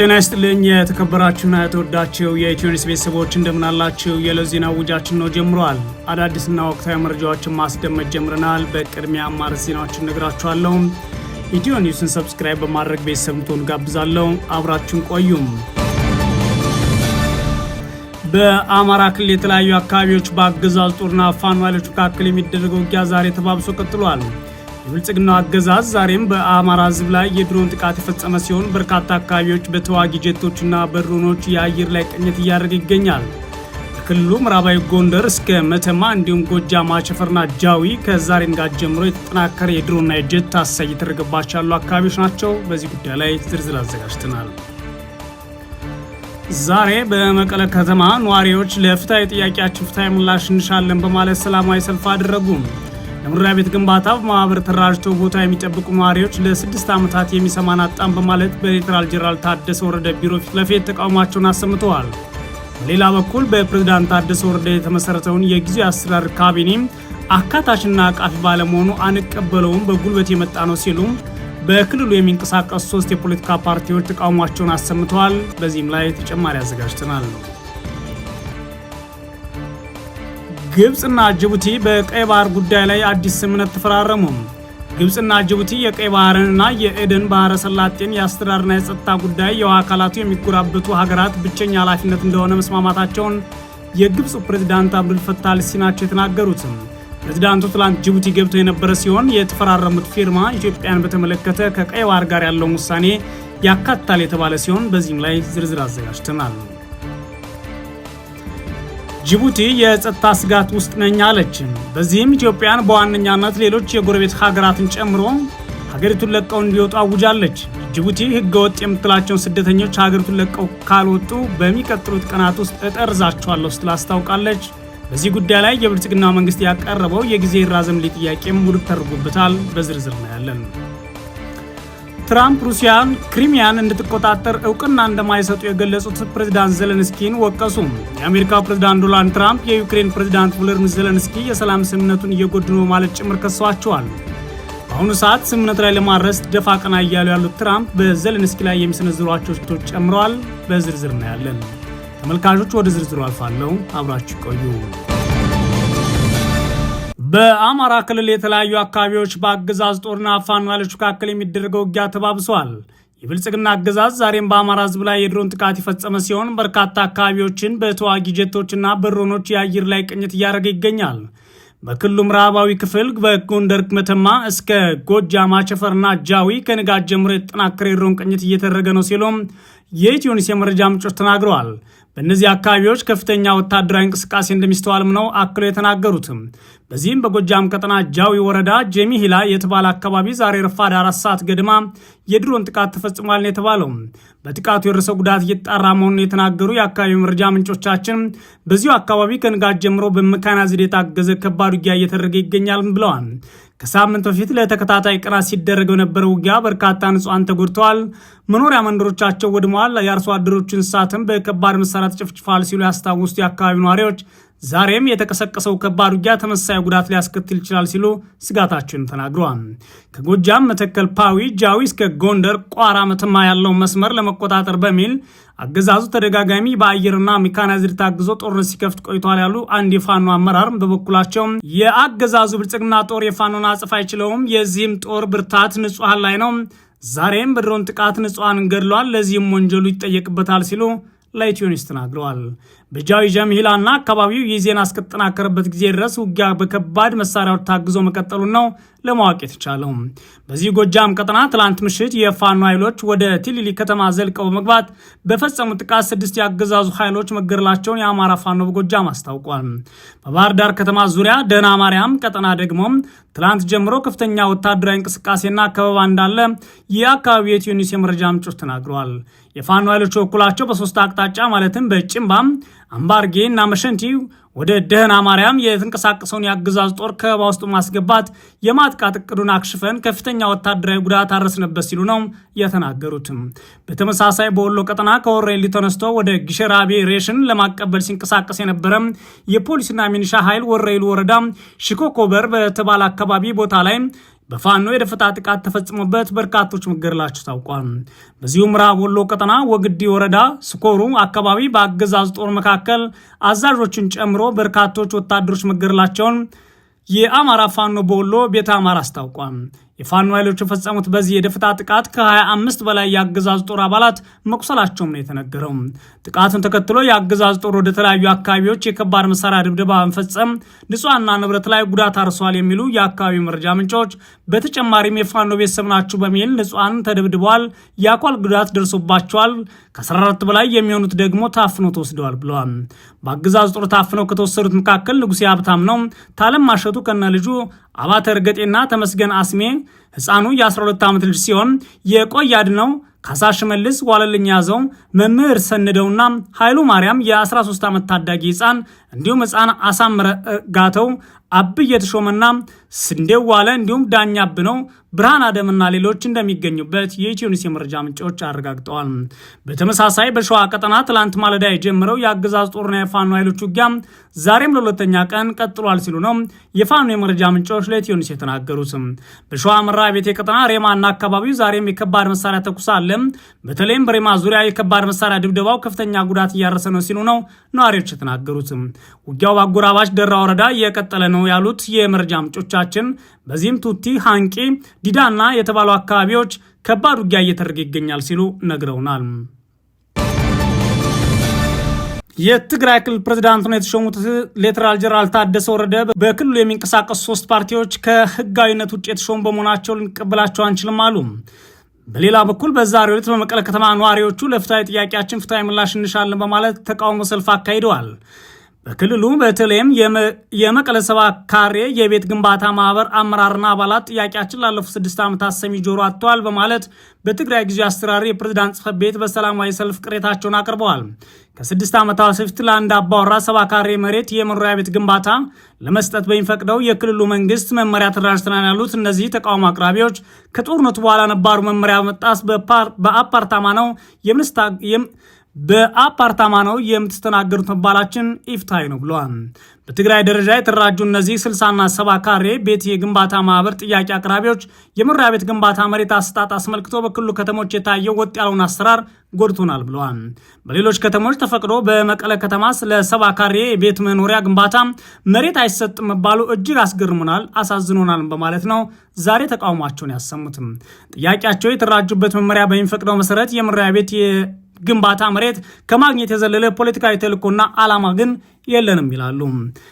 ጤና ይስጥልኝ የተከበራችሁና የተወዳችው የኢትዮኒስ ቤተሰቦች እንደምናላችው የዕለት ዜና ውጃችን ነው ጀምሯል። አዳዲስና ወቅታዊ መረጃዎችን ማስደመጥ ጀምረናል። በቅድሚያ አማርስ ዜናዎችን ነግራችኋለሁ። ኢትዮ ኒውስን ሰብስክራይብ በማድረግ ቤተሰብ እንድትሆኑ ጋብዛለሁ። አብራችን ቆዩም። በአማራ ክልል የተለያዩ አካባቢዎች በአገዛዝ ጦርና ፋኖ ኃይሎች መካከል የሚደረገው ውጊያ ዛሬ ተባብሶ ቀጥሏል። የብልጽግናው አገዛዝ ዛሬም በአማራ ህዝብ ላይ የድሮን ጥቃት የፈጸመ ሲሆን በርካታ አካባቢዎች በተዋጊ ጄቶችና በድሮኖች የአየር ላይ ቅኝት እያደረገ ይገኛል። ክልሉ ምዕራባዊ ጎንደር እስከ መተማ እንዲሁም ጎጃም አቸፈርና ጃዊ ከዛሬን ጋር ጀምሮ የተጠናከረ የድሮና የጀት ታሳይ እየተደረገባቸው ያሉ አካባቢዎች ናቸው። በዚህ ጉዳይ ላይ ዝርዝር አዘጋጅተናል። ዛሬ በመቀለ ከተማ ነዋሪዎች ለፍትሐዊ ጥያቄያችን ፍትሐዊ ምላሽ እንሻለን በማለት ሰላማዊ ሰልፍ አደረጉ። ለመኖሪያ ቤት ግንባታ በማህበር ተራጅቶ ቦታ የሚጠብቁ ነዋሪዎች ለስድስት ዓመታት የሚሰማን አጣም በማለት በሌተናል ጄኔራል ታደሰ ወረደ ቢሮ ፊት ለፊት ተቃውሟቸውን አሰምተዋል። በሌላ በኩል በፕሬዝዳንት ታደሰ ወረደ የተመሰረተውን የጊዜያዊ አስተዳደር ካቢኔም አካታችና አቃፊ ባለመሆኑ አንቀበለውም፣ በጉልበት የመጣ ነው ሲሉም በክልሉ የሚንቀሳቀሱ ሶስት የፖለቲካ ፓርቲዎች ተቃውሟቸውን አሰምተዋል። በዚህም ላይ ተጨማሪ አዘጋጅተናል። ግብፅና ጅቡቲ በቀይ ባህር ጉዳይ ላይ አዲስ ስምምነት ተፈራረሙ። ግብፅና ጅቡቲ የቀይ ባህርንና የኤደን ባህረ ሰላጤን የአስተዳደርና የጸጥታ ጉዳይ የውሃ አካላቱ የሚጎራበቱ ሀገራት ብቸኛ ኃላፊነት እንደሆነ መስማማታቸውን የግብፁ ፕሬዚዳንት አብዱልፈታህ አልሲሲ ናቸው የተናገሩት። ፕሬዚዳንቱ ትላንት ጅቡቲ ገብተው የነበረ ሲሆን የተፈራረሙት ፊርማ ኢትዮጵያን በተመለከተ ከቀይ ባህር ጋር ያለውን ውሳኔ ያካትታል የተባለ ሲሆን በዚህም ላይ ዝርዝር አዘጋጅተናል። ጅቡቲ የጸጥታ ስጋት ውስጥ ነኝ አለች። በዚህም ኢትዮጵያን በዋነኛነት ሌሎች የጎረቤት ሀገራትን ጨምሮ ሀገሪቱን ለቀው እንዲወጡ አውጃለች። ጅቡቲ ህገወጥ የምትላቸውን ስደተኞች ሀገሪቱን ለቀው ካልወጡ በሚቀጥሉት ቀናት ውስጥ እጠርዛቸዋለሁ ስትል አስታውቃለች። በዚህ ጉዳይ ላይ የብልጽግና መንግስት ያቀረበው የጊዜ ራዘምሌ ጥያቄም ውድቅ ተደርጎበታል። በዝርዝር ነው ያለን። ትራምፕ ሩሲያን ክሪሚያን እንድትቆጣጠር እውቅና እንደማይሰጡ የገለጹት ፕሬዚዳንት ዘለንስኪን ወቀሱ። የአሜሪካው ፕሬዚዳንት ዶናልድ ትራምፕ የዩክሬን ፕሬዚዳንት ቮሎድሚር ዘለንስኪ የሰላም ስምምነቱን እየጎዱ ነው ማለት ጭምር ከሷቸዋል። በአሁኑ ሰዓት ስምምነቱ ላይ ለማድረስ ደፋ ቀና እያሉ ያሉት ትራምፕ በዘለንስኪ ላይ የሚሰነዝሯቸው ስቶች ጨምረዋል። በዝርዝር እናያለን። ተመልካቾች ወደ ዝርዝሩ አልፋለሁ፣ አብራችሁ ቆዩ። በአማራ ክልል የተለያዩ አካባቢዎች በአገዛዝ ጦርና ፋኖ ኃይሎች መካከል የሚደረገው ውጊያ ተባብሷል። የብልጽግና አገዛዝ ዛሬም በአማራ ህዝብ ላይ የድሮን ጥቃት የፈጸመ ሲሆን በርካታ አካባቢዎችን በተዋጊ ጀቶችና በድሮኖች የአየር ላይ ቅኝት እያደረገ ይገኛል። በክልሉ ምዕራባዊ ክፍል በጎንደር መተማ እስከ ጎጃም አቸፈርና ጃዊ ከንጋት ጀምሮ የተጠናከረ የድሮን ቅኝት እየተደረገ ነው ሲሉም የኢትዮኒስ የመረጃ ምንጮች ተናግረዋል። በእነዚህ አካባቢዎች ከፍተኛ ወታደራዊ እንቅስቃሴ እንደሚስተዋልም ነው አክሎ የተናገሩትም። በዚህም በጎጃም ቀጠና ጃዊ ወረዳ ጀሚ ሂላ የተባለ አካባቢ ዛሬ ረፋድ አራት ሰዓት ገድማ የድሮን ጥቃት ተፈጽሟል ነው የተባለው። በጥቃቱ የደረሰው ጉዳት እየተጣራ መሆኑን የተናገሩ የአካባቢ መረጃ ምንጮቻችን በዚሁ አካባቢ ከንጋት ጀምሮ በመካናይዝድ የታገዘ ከባድ ውጊያ እየተደረገ ይገኛል ብለዋል። ከሳምንት በፊት ለተከታታይ ቀናት ሲደረግ በነበረ ውጊያ በርካታ ንጹሐን ተጎድተዋል፣ መኖሪያ መንደሮቻቸው ወድመዋል፣ የአርሶ አደሮቹ እንስሳትም በከባድ መሳሪያ ተጨፍጭፏል ሲሉ ያስታወሱት የአካባቢው ነዋሪዎች ዛሬም የተቀሰቀሰው ከባድ ውጊያ ተመሳሳይ ጉዳት ሊያስከትል ይችላል ሲሉ ስጋታቸውን ተናግረዋል። ከጎጃም መተከል፣ ፓዊ፣ ጃዊ እስከ ጎንደር ቋራ፣ መተማ ያለው መስመር ለመቆጣጠር በሚል አገዛዙ ተደጋጋሚ በአየርና ሜካናይዝድ ታግዞ ጦርነት ሲከፍት ቆይቷል ያሉ አንድ የፋኖ አመራር በበኩላቸው የአገዛዙ ብልጽግና ጦር የፋኖን አጽፍ አይችለውም፣ የዚህም ጦር ብርታት ንጹሐን ላይ ነው። ዛሬም በድሮን ጥቃት ንጹሐን ገድሏል፣ ለዚህም ወንጀሉ ይጠየቅበታል ሲሉ ለኢትዮኒስ ተናግረዋል። በጃዊ ጀምሂላና አካባቢው ይህ ዜና እስከተጠናከረበት ጊዜ ድረስ ውጊያ በከባድ መሳሪያዎች ታግዞ መቀጠሉን ነው ለማወቅ የተቻለው። በዚህ ጎጃም ቀጠና ትላንት ምሽት የፋኖ ኃይሎች ወደ ቲሊሊ ከተማ ዘልቀው በመግባት በፈጸሙት ጥቃት ስድስት የአገዛዙ ኃይሎች መገደላቸውን የአማራ ፋኖ በጎጃም አስታውቋል። በባህር ዳር ከተማ ዙሪያ ደህና ማርያም ቀጠና ደግሞ ትላንት ጀምሮ ከፍተኛ ወታደራዊ እንቅስቃሴና ከበባ እንዳለ የአካባቢው የትዩኒስ የመረጃ ምንጮች ተናግረዋል። የፋኖ ኃይሎች በኩላቸው በሶስት አቅጣጫ ማለትም በጭምባም አምባርጌና መሸንቲ ወደ ደህና ማርያም የተንቀሳቀሰውን የአገዛዝ ጦር ከበባ ውስጥ ማስገባት የማጥቃት እቅዱን አክሽፈን ከፍተኛ ወታደራዊ ጉዳት አረስንበት ሲሉ ነው የተናገሩትም። በተመሳሳይ በወሎ ቀጠና ከወረኢሉ ተነስቶ ወደ ግሸራቤ ሬሽን ለማቀበል ሲንቀሳቀስ የነበረ የፖሊስና ሚኒሻ ኃይል ወረኢሉ ወረዳ ሽኮኮበር በተባለ አካባቢ ቦታ ላይ በፋኖ የደፈጣ ጥቃት ተፈጽሞበት በርካቶች መገደላቸው ታውቋል። በዚሁ ምዕራብ ወሎ ቀጠና ወግዲ ወረዳ ስኮሩ አካባቢ በአገዛዝ ጦር መካከል አዛዦችን ጨምሮ በርካቶች ወታደሮች መገደላቸውን የአማራ ፋኖ በወሎ ቤተ አማራ አስታውቋል። የፋኖ ኃይሎች የፈጸሙት በዚህ የደፈጣ ጥቃት ከ25 በላይ የአገዛዝ ጦር አባላት መቁሰላቸውም ነው የተነገረው። ጥቃቱን ተከትሎ የአገዛዝ ጦር ወደ ተለያዩ አካባቢዎች የከባድ መሳሪያ ድብደባ በመፈጸም ንጹሐና ንብረት ላይ ጉዳት አርሷል የሚሉ የአካባቢ መረጃ ምንጮች፣ በተጨማሪም የፋኖ ቤተሰብ ናችሁ በሚል ንጹሐን ተደብድበዋል፣ የአካል ጉዳት ደርሶባቸዋል፣ ከ14 በላይ የሚሆኑት ደግሞ ታፍኖ ተወስደዋል ብለዋል። በአገዛዝ ጦር ታፍነው ከተወሰዱት መካከል ንጉሴ ሀብታም ነው፣ ታለም ማሸቱ ከነ ልጁ አባተ እርገጤና ተመስገን አስሜ ህፃኑ የ12 ዓመት ልጅ ሲሆን የቆየ አድነው ካሳ ሽመልስ ዋለልኝ ያዘው መምህር ሰንደውና ኃይሉ ማርያም የ13 ዓመት ታዳጊ ህፃን እንዲሁም ህፃን አሳምረ ጋተው አብይ የተሾመና ስንዴው ዋለ እንዲሁም ዳኛ ብነው ብርሃን አደምና ሌሎች እንደሚገኙበት የኢትዮኒስ የመረጃ ምንጮች አረጋግጠዋል። በተመሳሳይ በሸዋ ቀጠና ትላንት ማለዳ የጀመረው የአገዛዝ ጦርና የፋኖ ኃይሎች ውጊያ ዛሬም ለሁለተኛ ቀን ቀጥሏል ሲሉ ነው የፋኖ የመረጃ ምንጮች ለኢትዮኒስ የተናገሩት። በሸዋ መራ ቤቴ ቀጠና ሬማና አካባቢው ዛሬም የከባድ መሳሪያ ተኩስ አለ። በተለይም በሬማ ዙሪያ የከባድ መሳሪያ ድብደባው ከፍተኛ ጉዳት እያረሰ ነው ሲሉ ነው ነዋሪዎች የተናገሩት። ውጊያው በአጎራባች ደራ ወረዳ እየቀጠለ ነው ነው ያሉት የመረጃ ምንጮቻችን። በዚህም ቱቲ፣ ሃንቂ፣ ዲዳና የተባሉ አካባቢዎች ከባድ ውጊያ እየተደረገ ይገኛል ሲሉ ነግረውናል። የትግራይ ክልል ፕሬዝዳንት ነው የተሾሙት ሌተናል ጀነራል ታደሰ ወረደ በክልሉ የሚንቀሳቀሱ ሶስት ፓርቲዎች ከህጋዊነት ውጭ የተሾሙ በመሆናቸው ልንቀበላቸው አንችልም አሉ። በሌላ በኩል በዛሬው ዕለት በመቀለ ከተማ ነዋሪዎቹ ለፍትሐዊ ጥያቄያችን ፍትሐዊ ምላሽ እንሻለን በማለት ተቃውሞ ሰልፍ አካሂደዋል። በክልሉ በተለይም የመቀለ ሰባ ካሬ የቤት ግንባታ ማህበር አመራርና አባላት ጥያቄያችን ላለፉት ስድስት ዓመታት ሰሚ ጆሮ አጥተዋል በማለት በትግራይ ጊዜ አስተዳደር የፕሬዝዳንት ጽህፈት ቤት በሰላማዊ ሰልፍ ቅሬታቸውን አቅርበዋል። ከስድስት ዓመታት በፊት ለአንድ አባወራ ሰባ ካሬ መሬት የመኖሪያ ቤት ግንባታ ለመስጠት በሚፈቅደው የክልሉ መንግስት መመሪያ ተደራጅተናል ያሉት እነዚህ ተቃውሞ አቅራቢዎች ከጦርነቱ በኋላ ነባሩ መመሪያ መጣስ በአፓርታማ ነው በአፓርታማ ነው የምትስተናገዱት መባላችን ኢፍትሐዊ ነው ብሏል። በትግራይ ደረጃ የተደራጁ እነዚህ ስልሳና ሰባ ካሬ ቤት የግንባታ ማህበር ጥያቄ አቅራቢዎች የመኖሪያ ቤት ግንባታ መሬት አሰጣጥ አስመልክቶ በክልሉ ከተሞች የታየው ወጥ ያለውን አሰራር ጎድቶናል ብለዋል። በሌሎች ከተሞች ተፈቅዶ በመቀለ ከተማ ስለ ሰባ ካሬ የቤት መኖሪያ ግንባታ መሬት አይሰጥም መባሉ እጅግ አስገርሙናል፣ አሳዝኖናል በማለት ነው ዛሬ ተቃውሟቸውን ያሰሙትም። ጥያቄያቸው የተደራጁበት መመሪያ በሚፈቅደው መሰረት የመኖሪያ ቤት ግንባታ መሬት ከማግኘት የዘለለ ፖለቲካዊ ተልእኮና አላማ ግን የለንም ይላሉ።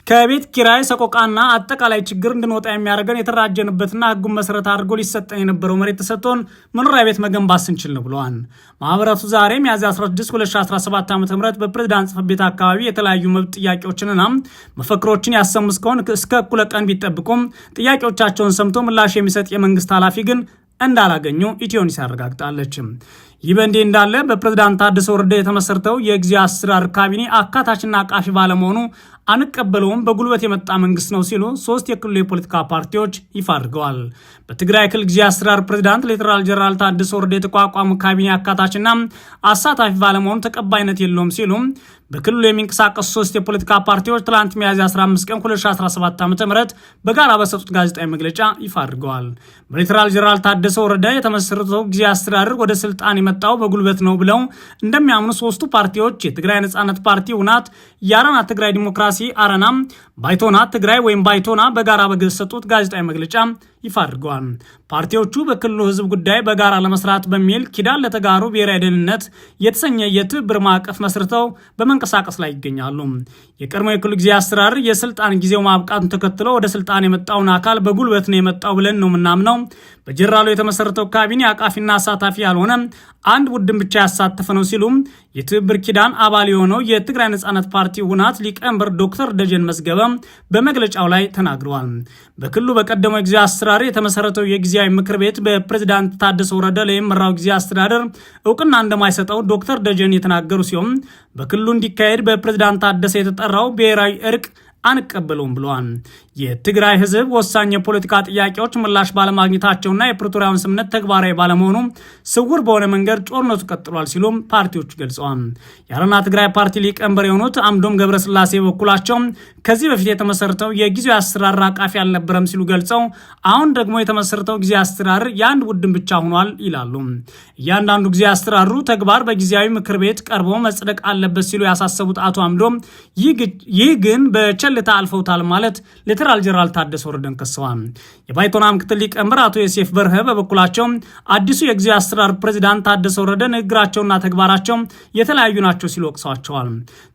ከቤት ኪራይ ሰቆቃና አጠቃላይ ችግር እንድንወጣ የሚያደርገን የተደራጀንበትና ህጉን መሰረት አድርጎ ሊሰጠን የነበረው መሬት ተሰጥቶን መኖሪያ ቤት መገንባት ስንችል ነው ብለዋል። ማህበረቱ ዛሬ ሚያዝያ 16 2017 ዓ ም በፕሬዝዳንት ጽሕፈት ቤት አካባቢ የተለያዩ መብት ጥያቄዎችንና መፈክሮችን ያሰሙ እስከሆን እስከ እኩለ ቀን ቢጠብቁም ጥያቄዎቻቸውን ሰምቶ ምላሽ የሚሰጥ የመንግስት ኃላፊ ግን እንዳላገኙ ኢትዮኒስ ያረጋግጣለች። ይህ በእንዲህ እንዳለ በፕሬዝዳንት ታደሰ ወረደ የተመሰርተው የጊዜያዊ አስተዳደር ካቢኔ አካታችና አቃፊ ባለመሆኑ አንቀበለውም፣ በጉልበት የመጣ መንግስት ነው ሲሉ ሶስት የክልሉ የፖለቲካ ፓርቲዎች ይፋ አድርገዋል። በትግራይ ክልል ጊዜ አስተዳደር ፕሬዚዳንት ሌተናል ጀነራል ታደሰ ወረደ የተቋቋሙ ካቢኔ አካታችና አሳታፊ ባለመሆኑ ተቀባይነት የለውም ሲሉ በክልሉ የሚንቀሳቀሱ ሶስት የፖለቲካ ፓርቲዎች ትላንት ሚያዝያ 15 ቀን 2017 ዓ ም በጋራ በሰጡት ጋዜጣዊ መግለጫ ይፋ አድርገዋል። በሌተናል ጀነራል ታደሰ ወረደ የተመሰረተው ጊዜ አስተዳደር ወደ ስልጣን የመጣው በጉልበት ነው ብለው እንደሚያምኑ ሶስቱ ፓርቲዎች የትግራይ ነጻነት ፓርቲ፣ ውናት፣ የአረና ትግራይ ዲሞክራሲ ዲሞክራሲ አረናም ባይቶና ትግራይ ወይም ባይቶና በጋራ በገሰጡት ጋዜጣዊ መግለጫ ይፋ አድርገዋል። ፓርቲዎቹ በክልሉ ህዝብ ጉዳይ በጋራ ለመስራት በሚል ኪዳን ለተጋሩ ብሔራዊ ደህንነት የተሰኘ የትብብር ማዕቀፍ መስርተው በመንቀሳቀስ ላይ ይገኛሉ። የቀድሞ የክልሉ ጊዜ አሰራር የስልጣን ጊዜው ማብቃቱን ተከትሎ ወደ ስልጣን የመጣውን አካል በጉልበት ነው የመጣው ብለን ነው ምናምነው። በጀራሉ የተመሰረተው ካቢኔ አቃፊና አሳታፊ ያልሆነ አንድ ቡድን ብቻ ያሳተፈ ነው ሲሉም የትብብር ኪዳን አባል የሆነው የትግራይ ነጻነት ፓርቲ ውናት ሊቀመንበር ዶክተር ደጀን መዝገበ በመግለጫው ላይ ተናግረዋል። በክልሉ በቀደመው ጊዜ አሰራር በተግባር የተመሰረተው የጊዜያዊ ምክር ቤት በፕሬዝዳንት ታደሰ ወረደ ለሚመራው ጊዜ አስተዳደር እውቅና እንደማይሰጠው ዶክተር ደጀን የተናገሩ ሲሆን በክልሉ እንዲካሄድ በፕሬዝዳንት ታደሰ የተጠራው ብሔራዊ እርቅ አንቀበለውም ብለዋል። የትግራይ ህዝብ ወሳኝ የፖለቲካ ጥያቄዎች ምላሽ ባለማግኘታቸውና የፕሪቶሪያውን ስምነት ተግባራዊ ባለመሆኑ ስውር በሆነ መንገድ ጦርነቱ ቀጥሏል ሲሉም ፓርቲዎቹ ገልጸዋል። የአረና ትግራይ ፓርቲ ሊቀመንበር የሆኑት አምዶም ገብረስላሴ በኩላቸው ከዚህ በፊት የተመሰረተው የጊዜ አሰራር አቃፊ አልነበረም ሲሉ ገልጸው አሁን ደግሞ የተመሰረተው ጊዜ አስተዳደር የአንድ ቡድን ብቻ ሆኗል ይላሉ። እያንዳንዱ ጊዜ አስተዳደሩ ተግባር በጊዜያዊ ምክር ቤት ቀርቦ መጽደቅ አለበት ሲሉ ያሳሰቡት አቶ አምዶም ይህ ግን በቸልታ አልፈውታል ማለት ምክትል ጀነራል ታደሰ ወረደን ከሰዋል። የባይቶና ምክትል ሊቀመንበር አቶ ዮሴፍ በርሀ በበኩላቸው አዲሱ የጊዜያዊ አስተዳደር ፕሬዚዳንት ታደሰ ወረደ ንግግራቸውና ተግባራቸው የተለያዩ ናቸው ሲሉ ወቅሰዋቸዋል።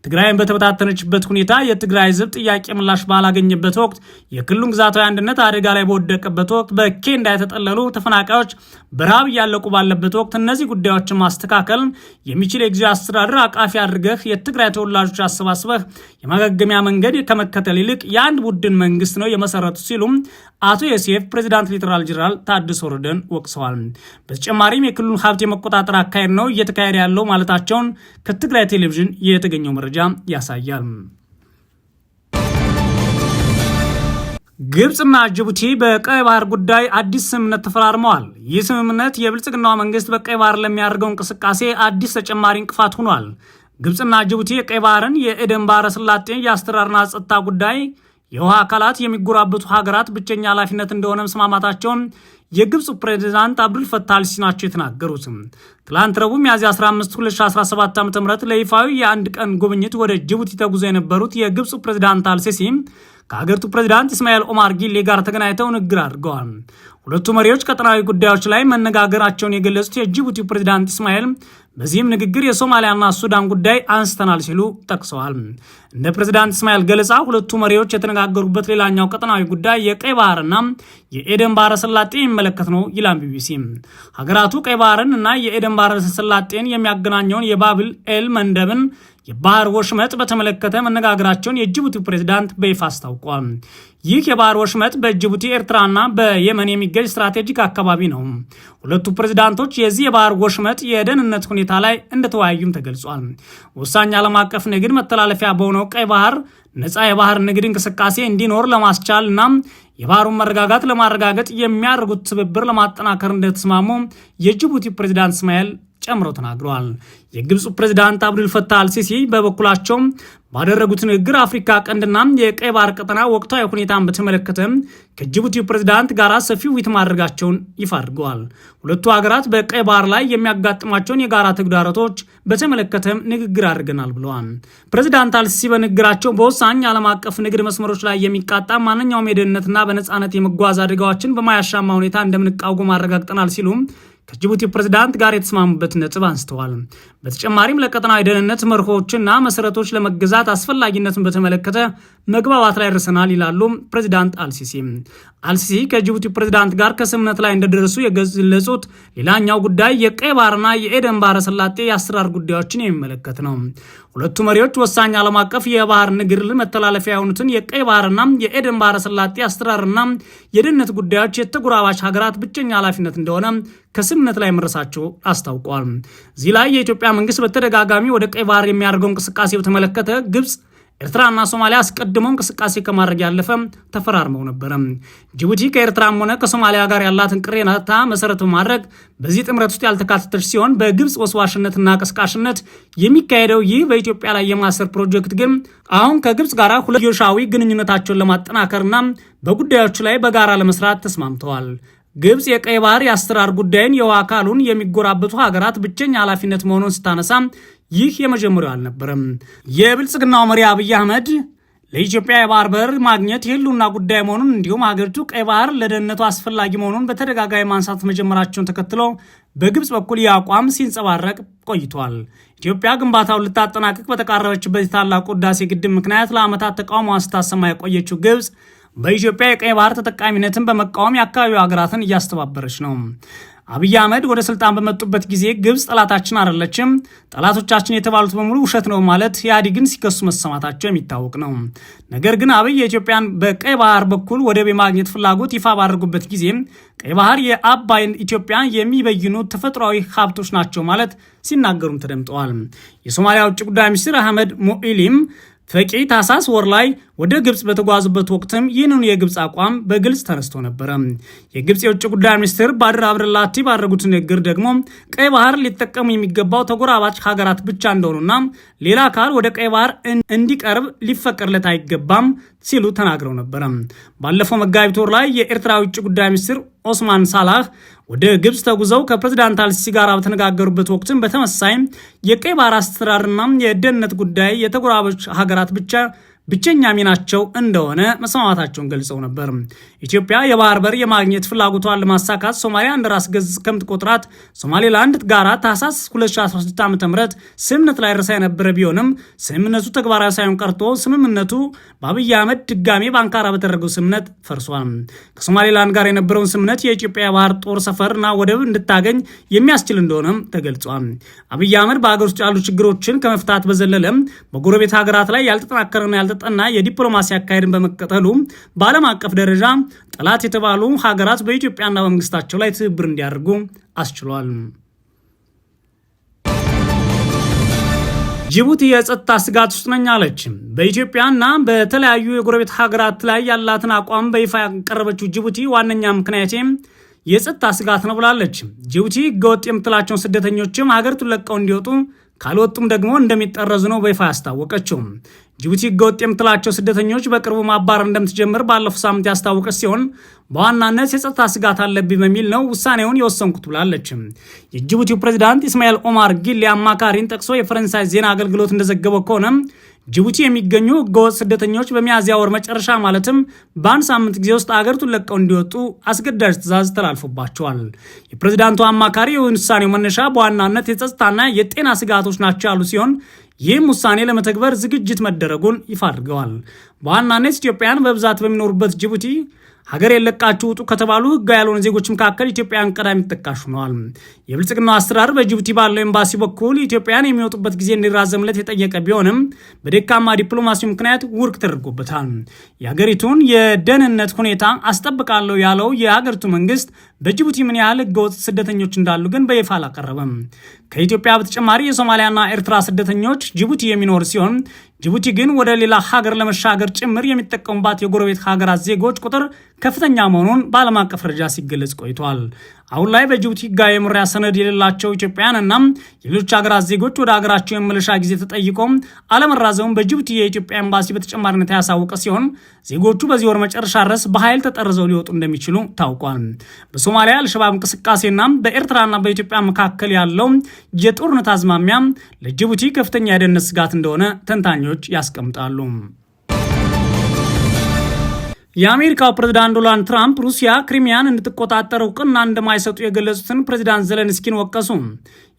ትግራይን በተበታተነችበት ሁኔታ የትግራይ ህዝብ ጥያቄ ምላሽ ባላገኘበት ወቅት፣ የክልሉን ግዛታዊ አንድነት አደጋ ላይ በወደቀበት ወቅት፣ በኬንዳ የተጠለሉ ተፈናቃዮች በረሃብ እያለቁ ባለበት ወቅት እነዚህ ጉዳዮችን ማስተካከል የሚችል የጊዜያዊ አስተዳደር አቃፊ አድርገህ የትግራይ ተወላጆች አሰባስበህ የማገገሚያ መንገድ ከመከተል ይልቅ የአንድ ቡድን መንገድ መንግስት ነው የመሰረቱ ሲሉም አቶ ዮሴፍ ፕሬዚዳንት ሌተናል ጄኔራል ታደሰ ወረደን ወቅሰዋል። በተጨማሪም የክልሉን ሀብት የመቆጣጠር አካሄድ ነው እየተካሄደ ያለው ማለታቸውን ከትግራይ ቴሌቪዥን የተገኘው መረጃ ያሳያል። ግብፅና ጅቡቲ በቀይ ባህር ጉዳይ አዲስ ስምምነት ተፈራርመዋል። ይህ ስምምነት የብልጽግናው መንግስት በቀይ ባህር ለሚያደርገው እንቅስቃሴ አዲስ ተጨማሪ እንቅፋት ሆኗል። ግብፅና ጅቡቲ የቀይ ባህርን የኤደን ባህረ ስላጤ የአስተራርና ጸጥታ ጉዳይ የውሃ አካላት የሚጎራበቱ ሀገራት ብቸኛ ኃላፊነት እንደሆነ መስማማታቸውን የግብፅ ፕሬዚዳንት ፈታ አልሲሲ ናቸው የተናገሩት። ትላንት ረቡዕ ሚያዝያ 15 2017 ዓ ም ለይፋዊ የአንድ ቀን ጉብኝት ወደ ጅቡቲ ተጉዞ የነበሩት የግብፅ ፕሬዚዳንት አልሲሲ ከሀገሪቱ ፕሬዚዳንት ኢስማኤል ኦማር ጊሌ ጋር ተገናኝተው ንግግር አድርገዋል። ሁለቱ መሪዎች ቀጠናዊ ጉዳዮች ላይ መነጋገራቸውን የገለጹት የጅቡቲው ፕሬዚዳንት ኢስማኤል በዚህም ንግግር የሶማሊያና ሱዳን ጉዳይ አንስተናል ሲሉ ጠቅሰዋል። እንደ ፕሬዚዳንት እስማኤል ገለጻ ሁለቱ መሪዎች የተነጋገሩበት ሌላኛው ቀጠናዊ ጉዳይ የቀይ ባህርና የኤደን ባህረ ሰላጤ የሚመለከት ነው ይላል ቢቢሲ። ሀገራቱ ቀይ ባህርን እና የኤደን ባህረ ሰላጤን የሚያገናኘውን የባብል ኤል መንደብን የባህር ወሽመጥ በተመለከተ መነጋገራቸውን የጅቡቲ ፕሬዝዳንት በይፋ አስታውቋል። ይህ የባህር ወሽመጥ በጅቡቲ ኤርትራና በየመን የሚገኝ ስትራቴጂክ አካባቢ ነው። ሁለቱ ፕሬዝዳንቶች የዚህ የባህር ወሽመጥ የደህንነት ሁኔታ ሁኔታ ላይ እንደተወያዩም ተገልጿል። ወሳኝ ዓለም አቀፍ ንግድ መተላለፊያ በሆነው ቀይ ባህር ነፃ የባህር ንግድ እንቅስቃሴ እንዲኖር ለማስቻል እናም የባህሩን መረጋጋት ለማረጋገጥ የሚያደርጉት ትብብር ለማጠናከር እንደተስማሙ የጅቡቲ ፕሬዚዳንት እስማኤል ጨምረው ተናግረዋል። የግብፁ ፕሬዚዳንት አብዱልፈታ አልሲሲ በበኩላቸውም ባደረጉት ንግግር አፍሪካ ቀንድና የቀይ ባህር ቀጠና ወቅታዊ ሁኔታን በተመለከተ ከጅቡቲው ፕሬዚዳንት ጋር ሰፊ ውይይት ማድረጋቸውን ይፋ አድርገዋል። ሁለቱ ሀገራት በቀይ ባህር ላይ የሚያጋጥሟቸውን የጋራ ተግዳሮቶች በተመለከተም ንግግር አድርገናል ብለዋል። ፕሬዚዳንት አልሲሲ በንግግራቸው በወሳኝ ዓለም አቀፍ ንግድ መስመሮች ላይ የሚቃጣ ማንኛውም የደህንነትና በነፃነት የመጓዝ አደጋዎችን በማያሻማ ሁኔታ እንደምንቃወም አረጋግጠናል ሲሉም ከጅቡቲ ፕሬዝዳንት ጋር የተስማሙበት ነጥብ አንስተዋል። በተጨማሪም ለቀጠናዊ ደህንነት መርሆዎችና መሰረቶች ለመገዛት አስፈላጊነትን በተመለከተ መግባባት ላይ ደርሰናል ይላሉ ፕሬዚዳንት አልሲሲ። አልሲሲ ከጅቡቲ ፕሬዝዳንት ጋር ከስምነት ላይ እንደደረሱ የገለጹት ሌላኛው ጉዳይ የቀይ ባህርና የኤደን ባህረ ሰላጤ የአሰራር ጉዳዮችን የሚመለከት ነው። ሁለቱ መሪዎች ወሳኝ ዓለም አቀፍ የባህር ንግድ መተላለፊያ የሆኑትን የቀይ ባህርና የኤደን ባህረ ሰላጤ አስተራርና የደህንነት ጉዳዮች የተጎራባች ሀገራት ብቸኛ ኃላፊነት እንደሆነ ከስምምነት ላይ መድረሳቸው አስታውቋል። እዚህ ላይ የኢትዮጵያ መንግስት በተደጋጋሚ ወደ ቀይ ባህር የሚያደርገው እንቅስቃሴ በተመለከተ ግብጽ ኤርትራና ሶማሊያ አስቀድሞ እንቅስቃሴ ከማድረግ ያለፈ ተፈራርመው ነበረ። ጅቡቲ ከኤርትራም ሆነ ከሶማሊያ ጋር ያላትን ቅሬናታ መሰረት በማድረግ በዚህ ጥምረት ውስጥ ያልተካተተች ሲሆን በግብፅ ወስዋሽነትና ቀስቃሽነት የሚካሄደው ይህ በኢትዮጵያ ላይ የማሰር ፕሮጀክት ግን አሁን ከግብፅ ጋር ሁለትዮሻዊ ግንኙነታቸውን ለማጠናከርና በጉዳዮቹ ላይ በጋራ ለመስራት ተስማምተዋል። ግብፅ የቀይ ባህር የአሰራር ጉዳይን የውሃ አካሉን የሚጎራበቱ ሀገራት ብቸኛ ኃላፊነት መሆኑን ስታነሳ ይህ የመጀመሪያው አልነበረም። የብልጽግናው መሪ አብይ አህመድ ለኢትዮጵያ የባህር በር ማግኘት የህልውና ጉዳይ መሆኑን እንዲሁም ሀገሪቱ ቀይ ባህር ለደህንነቱ አስፈላጊ መሆኑን በተደጋጋሚ ማንሳት መጀመራቸውን ተከትሎ በግብፅ በኩል የአቋም ሲንጸባረቅ ቆይቷል። ኢትዮጵያ ግንባታውን ልታጠናቅቅ በተቃረበችበት የታላቁ ህዳሴ ግድብ ምክንያት ለዓመታት ተቃውሞ ስታሰማ የቆየችው ግብፅ በኢትዮጵያ የቀይ ባህር ተጠቃሚነትን በመቃወም የአካባቢው ሀገራትን እያስተባበረች ነው። አብይ አህመድ ወደ ስልጣን በመጡበት ጊዜ ግብፅ ጠላታችን አይደለችም፣ ጠላቶቻችን የተባሉት በሙሉ ውሸት ነው ማለት ኢህአዴግን ሲከሱ መሰማታቸው የሚታወቅ ነው። ነገር ግን አብይ የኢትዮጵያን በቀይ ባህር በኩል ወደብ የማግኘት ፍላጎት ይፋ ባደረጉበት ጊዜ ቀይ ባህር የአባይን ኢትዮጵያን የሚበይኑ ተፈጥሯዊ ሀብቶች ናቸው ማለት ሲናገሩም ተደምጠዋል። የሶማሊያ ውጭ ጉዳይ ሚኒስትር አህመድ ሞኢሊም ፈቂ ታሳስ ወር ላይ ወደ ግብፅ በተጓዙበት ወቅትም ይህንኑ የግብፅ አቋም በግልጽ ተነስቶ ነበረ። የግብፅ የውጭ ጉዳይ ሚኒስትር ባድር አብድላቲ ባደረጉት ንግግር ደግሞ ቀይ ባህር ሊጠቀሙ የሚገባው ተጎራባች ሀገራት ብቻ እንደሆኑና ሌላ አካል ወደ ቀይ ባህር እንዲቀርብ ሊፈቀድለት አይገባም ሲሉ ተናግረው ነበረ። ባለፈው መጋቢት ወር ላይ የኤርትራ የውጭ ጉዳይ ሚኒስትር ኦስማን ሳላህ ወደ ግብፅ ተጉዘው ከፕሬዝዳንት አልሲሲ ጋር በተነጋገሩበት ወቅትም በተመሳይ የቀይ ባህር አስተዳደርና የደህንነት ጉዳይ የተጎራባች ሀገራት ብቻ ብቸኛ ሚናቸው እንደሆነ መሰማማታቸውን ገልጸው ነበር። ኢትዮጵያ የባህር በር የማግኘት ፍላጎቷን ለማሳካት ሶማሊያ እንደ ራስ ገዝ ከምትቆጥራት ሶማሌላንድ ጋራ ታህሳስ 2016 ዓ ም ስምምነት ላይ ርሳ የነበረ ቢሆንም ስምምነቱ ተግባራዊ ሳይሆን ቀርቶ ስምምነቱ በአብይ አህመድ ድጋሜ በአንካራ በተደረገው ስምምነት ፈርሷል። ከሶማሌላንድ ጋር የነበረውን ስምምነት የኢትዮጵያ የባህር ጦር ሰፈርና ወደብ እንድታገኝ የሚያስችል እንደሆነም ተገልጿል። አብይ አህመድ በሀገር ውስጥ ያሉ ችግሮችን ከመፍታት በዘለለም በጎረቤት ሀገራት ላይ ያልተጠናከረና ያልተ የተጠና የዲፕሎማሲ አካሄድን በመቀጠሉ በዓለም አቀፍ ደረጃ ጠላት የተባሉ ሀገራት በኢትዮጵያና በመንግስታቸው ላይ ትብብር እንዲያደርጉ አስችሏል። ጅቡቲ የጸጥታ ስጋት ውስጥ ነኝ አለች። በኢትዮጵያና በተለያዩ የጎረቤት ሀገራት ላይ ያላትን አቋም በይፋ ያቀረበችው ጅቡቲ ዋነኛ ምክንያቴ የጸጥታ ስጋት ነው ብላለች። ጅቡቲ ህገወጥ የምትላቸውን ስደተኞችም ሀገሪቱን ለቀው እንዲወጡ ካልወጡም ደግሞ እንደሚጠረዙ ነው በይፋ ያስታወቀችው። ጅቡቲ ህገወጥ የምትላቸው ስደተኞች በቅርቡ ማባረር እንደምትጀምር ባለፈው ሳምንት ያስታወቀች ሲሆን በዋናነት የጸጥታ ስጋት አለብኝ በሚል ነው ውሳኔውን የወሰንኩት ብላለች። የጅቡቲው ፕሬዚዳንት ኢስማኤል ኦማር ጊሌ አማካሪን ጠቅሶ የፈረንሳይ ዜና አገልግሎት እንደዘገበው ከሆነ ጅቡቲ የሚገኙ ህገወጥ ስደተኞች በሚያዝያ ወር መጨረሻ ማለትም በአንድ ሳምንት ጊዜ ውስጥ አገሪቱን ለቀው እንዲወጡ አስገዳጅ ትዕዛዝ ተላልፎባቸዋል። የፕሬዚዳንቱ አማካሪ ይህን ውሳኔው መነሻ በዋናነት የጸጥታና የጤና ስጋቶች ናቸው ያሉ ሲሆን ይህም ውሳኔ ለመተግበር ዝግጅት መደረጉን ይፋ አድርገዋል። በዋናነት ኢትዮጵያን በብዛት በሚኖሩበት ጅቡቲ ሀገር የለቃችሁ ውጡ ከተባሉ ህጋዊ ያልሆነ ዜጎች መካከል ኢትዮጵያውያን ቀዳሚ ተጠቃሽ ሆነዋል። የብልጽግና አሰራር በጅቡቲ ባለው ኤምባሲ በኩል ኢትዮጵያውያን የሚወጡበት ጊዜ እንዲራዘምለት የጠየቀ ቢሆንም በደካማ ዲፕሎማሲ ምክንያት ውድቅ ተደርጎበታል። የሀገሪቱን የደህንነት ሁኔታ አስጠብቃለሁ ያለው የሀገሪቱ መንግስት በጅቡቲ ምን ያህል ህገወጥ ስደተኞች እንዳሉ ግን በይፋ አላቀረበም። ከኢትዮጵያ በተጨማሪ የሶማሊያና ኤርትራ ስደተኞች ጅቡቲ የሚኖር ሲሆን ጅቡቲ ግን ወደ ሌላ ሀገር ለመሻገር ጭምር የሚጠቀሙባት የጎረቤት ሀገራት ዜጎች ቁጥር ከፍተኛ መሆኑን በዓለም አቀፍ ደረጃ ሲገለጽ ቆይቷል። አሁን ላይ በጅቡቲ ህጋዊ የመኖሪያ ሰነድ የሌላቸው ኢትዮጵያውያንና የሌሎች ሀገራት ዜጎች ወደ ሀገራቸው የመለሻ ጊዜ ተጠይቆ አለመራዘሙን በጅቡቲ የኢትዮጵያ ኤምባሲ በተጨማሪነት ያሳወቀ ሲሆን ዜጎቹ በዚህ ወር መጨረሻ ድረስ በኃይል ተጠርዘው ሊወጡ እንደሚችሉ ታውቋል። በሶማሊያ አልሸባብ እንቅስቃሴና በኤርትራና በኢትዮጵያ መካከል ያለው የጦርነት አዝማሚያ ለጅቡቲ ከፍተኛ የደህንነት ስጋት እንደሆነ ተንታኞች ያስቀምጣሉ። የአሜሪካው ፕሬዝዳንት ዶናልድ ትራምፕ ሩሲያ ክሪሚያን እንድትቆጣጠር እውቅና እንደማይሰጡ የገለጹትን ፕሬዝዳንት ዘለንስኪን ወቀሱ።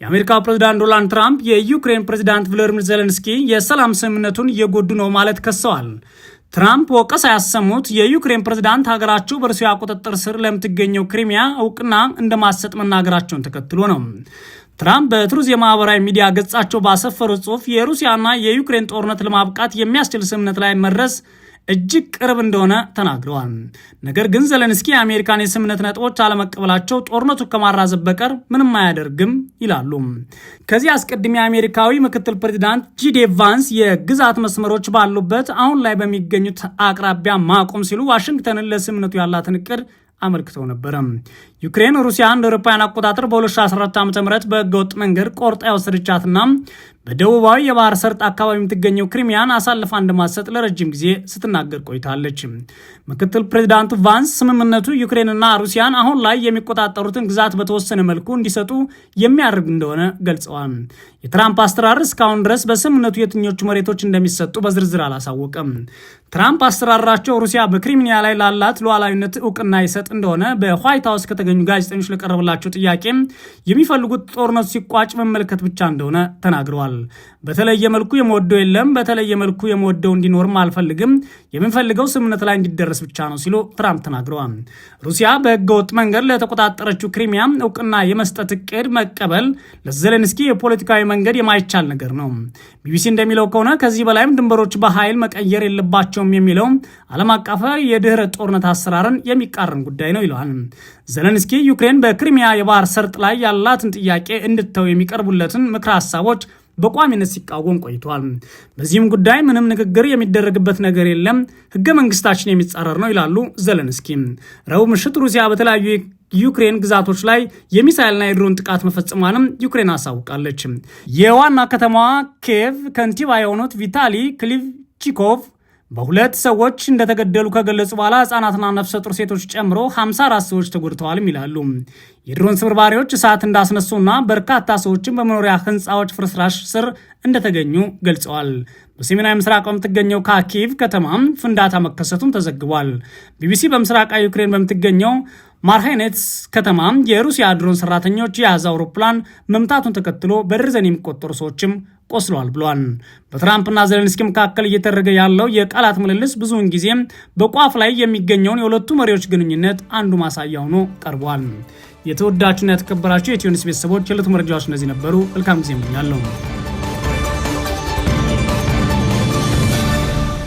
የአሜሪካው ፕሬዝዳንት ዶናልድ ትራምፕ የዩክሬን ፕሬዝዳንት ቮሎዲሚር ዘለንስኪ የሰላም ስምምነቱን እየጎዱ ነው ማለት ከሰዋል። ትራምፕ ወቀሳ ያሰሙት የዩክሬን ፕሬዝዳንት ሀገራቸው በሩሲያ ቁጥጥር ስር ለምትገኘው ክሪሚያ እውቅና እንደማሰጥ መናገራቸውን ተከትሎ ነው። ትራምፕ በትሩዝ የማህበራዊ ሚዲያ ገጻቸው ባሰፈሩት ጽሁፍ የሩሲያና የዩክሬን ጦርነት ለማብቃት የሚያስችል ስምምነት ላይ መድረስ እጅግ ቅርብ እንደሆነ ተናግረዋል። ነገር ግን ዘለንስኪ የአሜሪካን የስምነት ነጥቦች አለመቀበላቸው ጦርነቱ ከማራዘብ በቀር ምንም አያደርግም ይላሉ። ከዚህ አስቀድሚ የአሜሪካዊ ምክትል ፕሬዚዳንት ጂዴ ቫንስ የግዛት መስመሮች ባሉበት አሁን ላይ በሚገኙት አቅራቢያ ማቆም ሲሉ ዋሽንግተንን ለስምነቱ ያላትን እቅድ አመልክተው ነበረ። ዩክሬን ሩሲያ እንደ አውሮፓውያን አቆጣጠር በ2014 ዓ ም በህገወጥ መንገድ ቆርጣ የወሰደቻትና በደቡባዊ የባህር ሰርጥ አካባቢ የምትገኘው ክሪሚያን አሳልፋ እንደማትሰጥ ለረጅም ጊዜ ስትናገር ቆይታለች። ምክትል ፕሬዚዳንቱ ቫንስ ስምምነቱ ዩክሬንና ሩሲያን አሁን ላይ የሚቆጣጠሩትን ግዛት በተወሰነ መልኩ እንዲሰጡ የሚያደርግ እንደሆነ ገልጸዋል። የትራምፕ አስተራር እስካሁን ድረስ በስምምነቱ የትኞቹ መሬቶች እንደሚሰጡ በዝርዝር አላሳወቀም። ትራምፕ አስተራራቸው ሩሲያ በክሪሚያ ላይ ላላት ሉዓላዊነት እውቅና ይሰጥ እንደሆነ በዋይት ሀውስ ከተገኙ ጋዜጠኞች ለቀረበላቸው ጥያቄ የሚፈልጉት ጦርነቱ ሲቋጭ መመልከት ብቻ እንደሆነ ተናግረዋል። ብለዋል። በተለየ መልኩ የመወደው የለም፣ በተለየ መልኩ የመወደው እንዲኖርም አልፈልግም። የምንፈልገው ስምምነት ላይ እንዲደረስ ብቻ ነው ሲሉ ትራምፕ ተናግረዋል። ሩሲያ በህገወጥ መንገድ ለተቆጣጠረችው ክሪሚያ እውቅና የመስጠት እቅድ መቀበል ለዘለንስኪ የፖለቲካዊ መንገድ የማይቻል ነገር ነው። ቢቢሲ እንደሚለው ከሆነ ከዚህ በላይም ድንበሮች በኃይል መቀየር የለባቸውም የሚለው ዓለም አቀፍ የድህረ ጦርነት አሰራርን የሚቃረን ጉዳይ ነው ይለዋል። ዘለንስኪ ዩክሬን በክሪሚያ የባህር ሰርጥ ላይ ያላትን ጥያቄ እንድተው የሚቀርቡለትን ምክረ ሀሳቦች በቋሚነት ሲቃወም ቆይቷል። በዚህም ጉዳይ ምንም ንግግር የሚደረግበት ነገር የለም፣ ህገ መንግስታችን የሚጻረር ነው ይላሉ ዘለንስኪ። ረቡዕ ምሽት ሩሲያ በተለያዩ ዩክሬን ግዛቶች ላይ የሚሳይልና የድሮን ጥቃት መፈጸሟንም ዩክሬን አሳውቃለች። የዋና ከተማዋ ኪየቭ ከንቲባ የሆኑት ቪታሊ ክሊቭቺኮቭ በሁለት ሰዎች እንደተገደሉ ከገለጹ በኋላ ህጻናትና ነፍሰ ጡር ሴቶች ጨምሮ 54 ሰዎች ተጎድተዋልም ይላሉ። የድሮን ስብርባሪዎች እሳት እንዳስነሱና በርካታ ሰዎችን በመኖሪያ ህንፃዎች ፍርስራሽ ስር እንደተገኙ ገልጸዋል። በሰሜናዊ ምስራቅ በምትገኘው ካኪቭ ከተማ ፍንዳታ መከሰቱም ተዘግቧል። ቢቢሲ በምስራቃዊ ዩክሬን በምትገኘው ማርሃይኔትስ ከተማ የሩሲያ ድሮን ሰራተኞች የያዘ አውሮፕላን መምታቱን ተከትሎ በድርዘን የሚቆጠሩ ሰዎችም ቆስሏል ብሏል። በትራምፕና ዘለንስኪ መካከል እየተደረገ ያለው የቃላት ምልልስ ብዙውን ጊዜም በቋፍ ላይ የሚገኘውን የሁለቱ መሪዎች ግንኙነት አንዱ ማሳያ ሆኖ ቀርቧል። የተወዳችሁና የተከበራችሁ የኢትዮ ኒውስ ቤተሰቦች የዕለቱ መረጃዎች እነዚህ ነበሩ። መልካም ጊዜ እመኛለሁ።